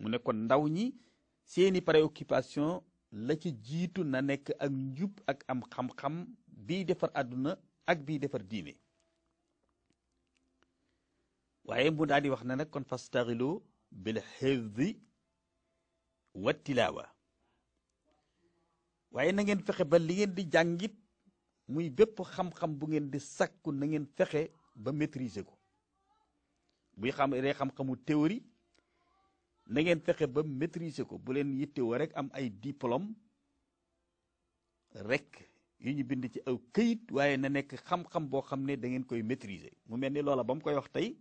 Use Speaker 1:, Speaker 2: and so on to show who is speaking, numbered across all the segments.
Speaker 1: mu ne kon ndaw ñi seeni préoccupation la ci jiitu na nekk ak njub ak am xam-xam biy defar àdduna ak bii defar diine waaye mu daal di wax ne nag kon fastaxilu bil xifdi wa tilaawa waaye na ngeen fexe ba li ngeen di jàngit muy bépp xam-xam bu ngeen di sàkku na ngeen fexe ba maîtriser ko buy xam ree xam-xamu théorie na ngeen fexe ba maîtriser ko bu leen yittewoo rek am ay diplôme rek yu ñu bind ci aw këyit waaye na nekk xam-xam boo xam ne dangeen koy maîtriser mu mel ni loola ba mu koy wax tey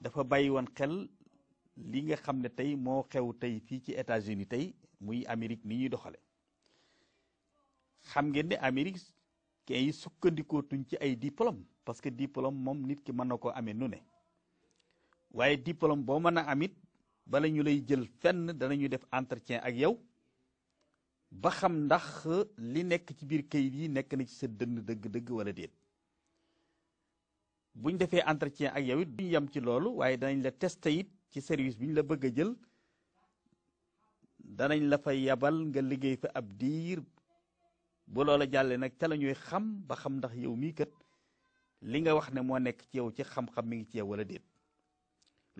Speaker 1: dafa bàyyi woon xel li nga xam ne tey moo xew tey fii ci États-Unis tey muy Amérique ni ñuy doxale xam ngeen ne Amérique ki yi sukkandikoo tuñ ci ay diplôme parce que diplôme moom nit ki mën na koo amee nu ne waaye diplôme boo mën a amit bala ñu lay jël fenn danañu def entretien ak yow ba xam ndax li nekk ci biir kayit yi nekk na ci sa dënn dëgg-dëgg wala déet buñ defee entretien ak yow it duñ yem ci loolu waaye danañ la testé it ci service bi ñu la bëgg a jël danañ la fa yabal nga liggéey fa ab diir bu loola jàllee nag ca la ñuy xam ba xam ndax yow mii kat li nga wax ne moo nekk ci yow ci xam-xam mi ngi ci yow wala déet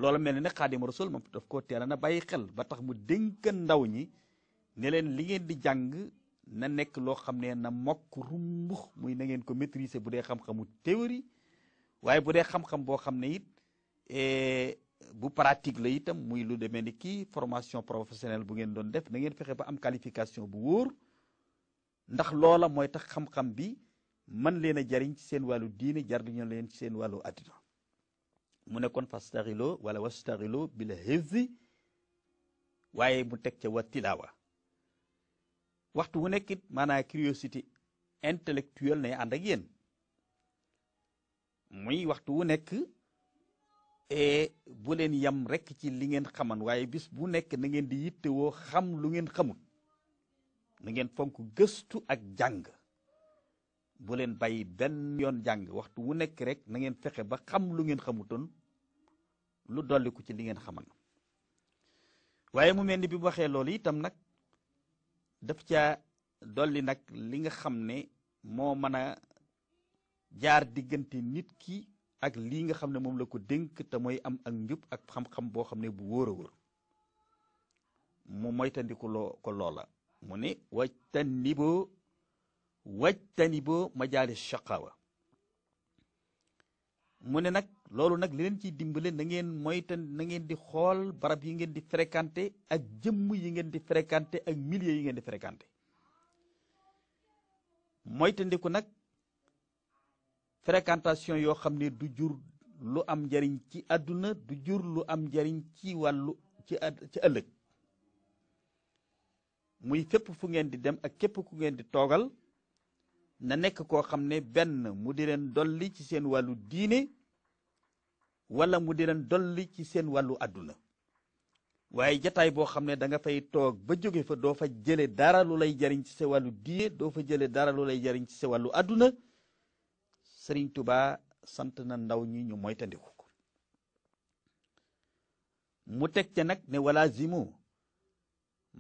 Speaker 1: loola mel ni ne xaadimu rasul moom daf koo teel na bàyyi xel ba tax mu dénk ndaw ñi ne leen li ngeen di jàng na nekk loo xam ne na mokk rumbux muy na ngeen ko maîtriser bu dee xam-xamu théorie waaye bu dee xam-xam boo xam ne it eh, bu pratique la itam muy lu demee ni kii formation professionnel bu ngeen doon def na ngeen fexe ba am qualification bu wóor ndax loola mooy tax xam-xam bi man leen a jariñ ci seen wàllu diine jariñu leen ci seen wàllu addina mu nekkoon kon fastaxilo wala wastaxilo bil hifzi waaye mu teg ca wa waxtu wu nekkit maanaa curiosité intellectuelle ne ànd ak yéen muy waxtu wu nekk eh, bu yam rekk ci li ngeen xaman waaye bis bu nekk na ngeen di woo xam lu ngeen xamut na ngeen fonk gëstu ak jàng bu leen bàyyi benn yoon jàng waxtu wu nekk rek na ngeen fexe ba xam lu ngeen xamutoon lu dolliku ci li ngeen xaman waaye mu mel ni bi waxee loolu itam nag daf caa dolli nag li nga xam ne moo mën a jaar diggante nit ki ak lii nga xam ne moom la ko dénk te mooy am ak njub ak xam-xam boo xam ne bu wóor a wóor mu moytandiku loo ko loola mu ne wajtaniboo wajtaniboo majaalis shaqaawa mu ne nag loolu nag li leen ciy dimbale na ngeen moytan na ngeen di xool barab yi ngeen di fréquenté ak jëmm yi ngeen di fréquenté ak milieu yi ngeen di fréquenté moytandiku nag fréquentation yoo xam ne du jur lu am njariñ ci àdduna du jur lu am njariñ ci wàllu ci ci ëllëg muy fépp fu ngeen di dem ak képp ku ngeen di toogal na nekk koo xam ne benn mu di leen dolli ci seen wàllu diine wala mu di leen dolli ci seen wàllu àdduna waaye jataay boo xam ne danga fay toog ba jóge fa doo fa jële dara lay jariñ ci sa wàllu diine doo fa jële dara lay jariñ ci sa wàllu àdduna sëriñ tubaa sant na ndaw ñi ñu moytandiku ko mu teg ca nag ne wala zimu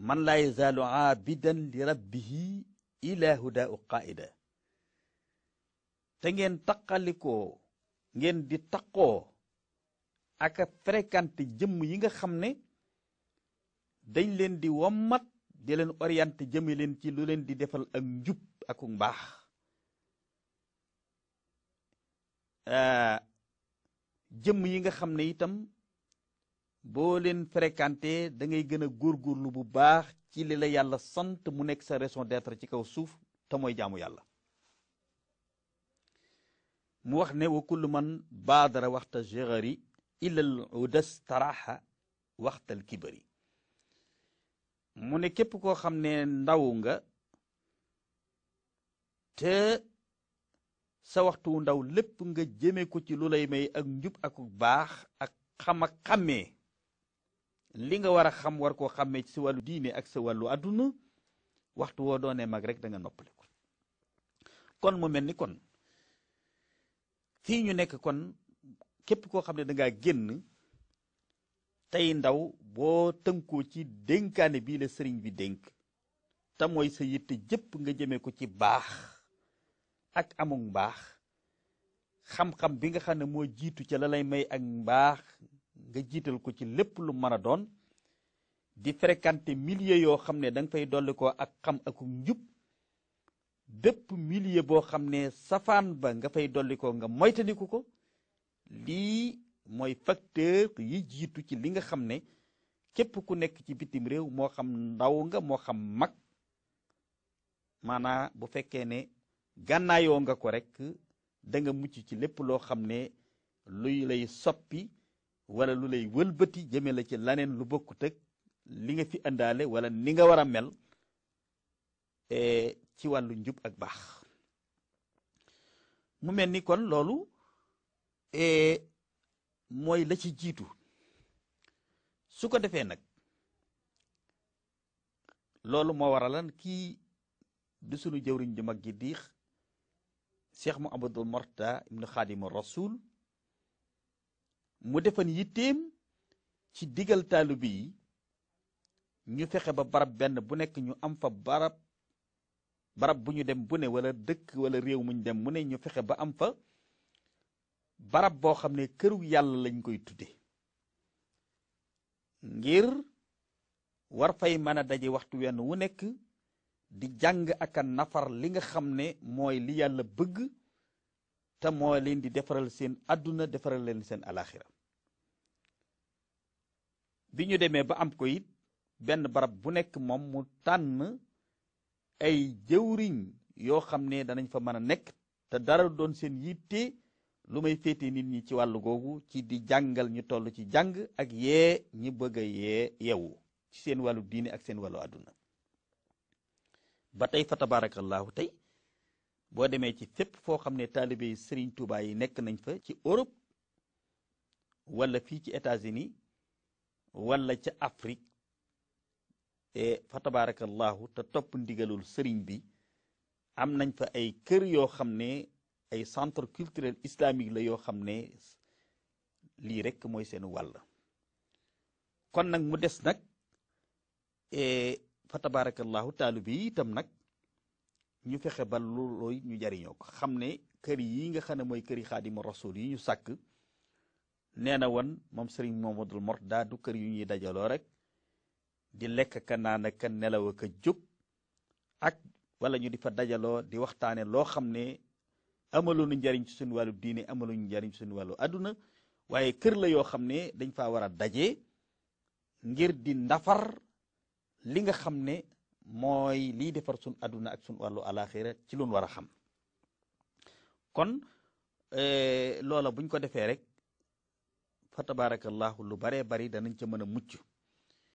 Speaker 1: man laa yazaalu aabidan li rabbihi ila huda u qaida te ngeen taqalikoo ngeen di taqoo ak a fréquenté jëmm yi nga xam ne dañ leen di wommat di leen orienté jëmm leen ci lu leen di defal ak njub ak mbaax euh, jëmm yi nga xam ne itam boo leen fréquenté da ngay gën a góorgóorlu bu baax ci li la yàlla sant mu nekk sa raison d'être ci kaw suuf te mooy jaamu yàlla mu wax ne wa kullu man baadara waxta jégari ilal udas taraxa waxtal kibari mu ne képp koo xam ne ndaw nga te sa waxtu ndaw lépp nga jëme ko ci lu lay may ak njub ak baax ak xam ak li nga war a xam war koo xàmmee ci sa wàllu diine ak sa wàllu àdduna waxtu woo doonee mag rek danga nga noppaliku kon mu mel kon fii ñu nekk kon képp koo xam ne danga génn tey ndaw boo tënkoo ci dénkaane bii la sëriñ bi dénk te mooy sa yitte jëpp nga jëmee ko ci baax ak amuk mbaax xam-xam bi nga xam ne moo jiitu ca la lay may ak mbaax nga jiital ko ci lépp lu mën a doon di fréquenter milieu yoo xam ne danga fay dolli ko ak xam akum njub dëpp milieu boo xam ne safaan ba nga fay dolli ko nga moytandiku ko lii mooy facteur yi jiitu ci li nga xam ne képp ku nekk ci bitim réew moo xam ndaw nga moo xam mag maanaa bu fekkee ne gànnaayoo nga ko rek danga mucc ci lépp loo xam ne luy lay soppi wala lu lay wëlbati jëme la ci laneen lu bokkut ak li nga fi indaale wala ni nga war a mel eh, ci wàllu njub ak baax mu mel ni kon loolu E mooy la ci jiitu su ko defee nag loolu moo waralan kii du sunu jëwriñ ju mag gi diix cheikh muhammadul morta ibnu xaadimu rasul mu defan yitteem ci digal taalibe yi ñu fexe ba barab benn bu nekk ñu am fa barab barab bu ñu dem bu ne wala dëkk wala réew muñ dem mu ne ñu fexe ba am fa barab boo xam ne kërug yàlla lañu koy tudde ngir war fay mën a daje waxtu wenn wu nekk di jàng ak a nafar li nga xam ne mooy li yàlla bëgg te moo leen di defaral seen àdduna defaral leen seen alaxira bi ñu demee ba am ko it benn barab bu nekk moom mu tànn ay jëwriñ yoo xam ne danañ fa mën a nekk te dara doon seen yitte lu may féete nit ñi ci wàllu googu ci di jàngal ñu toll ci jàng ak yee ñi bëgg a yee yeewu ci seen wàllu diine ak seen wàllu àdduna ba tey fa tabarakallahu tey boo demee ci fépp foo xam ne taalibe sëriñ Serigne yi nekk nañ fa ci Europe wala fii ci États-Unis wala ca Afrique te fa tabarakallahu te topp ndigalul sëriñ bi am nañ fa ay kër yoo xam ne ay centre culturel islamique la yoo xam ne lii rekk mooy seen wàll kon nag mu des nag e, fa tabarakallahu taalibe yi itam nag ñu fexe ba loolooy ñu jariñoo ko xam ne kër yi nga xam ne mooy këri xaadimu rasul yi ñu sàkk nee na won moom sëriñ Mamadul Mortada du kër yu ñuy dajaloo rek di lekk ka naan ka nelaw ka jóg ak wala ñu di fa dajaloo di waxtaane loo xam ne amaloonu njariñ ci suñu wàllu diine amaloonu njariñ ci suñu wàllu àdduna waaye kër la yoo xam ne dañ faa war a daje ngir di ndafar li nga xam ne mooy lii defar suñu àdduna ak suñu wàllu alaxira ci luñ war a xam kon e, loola buñ ko defee rek fa tabarakallahu lu baree bari danañ ca mën a mucc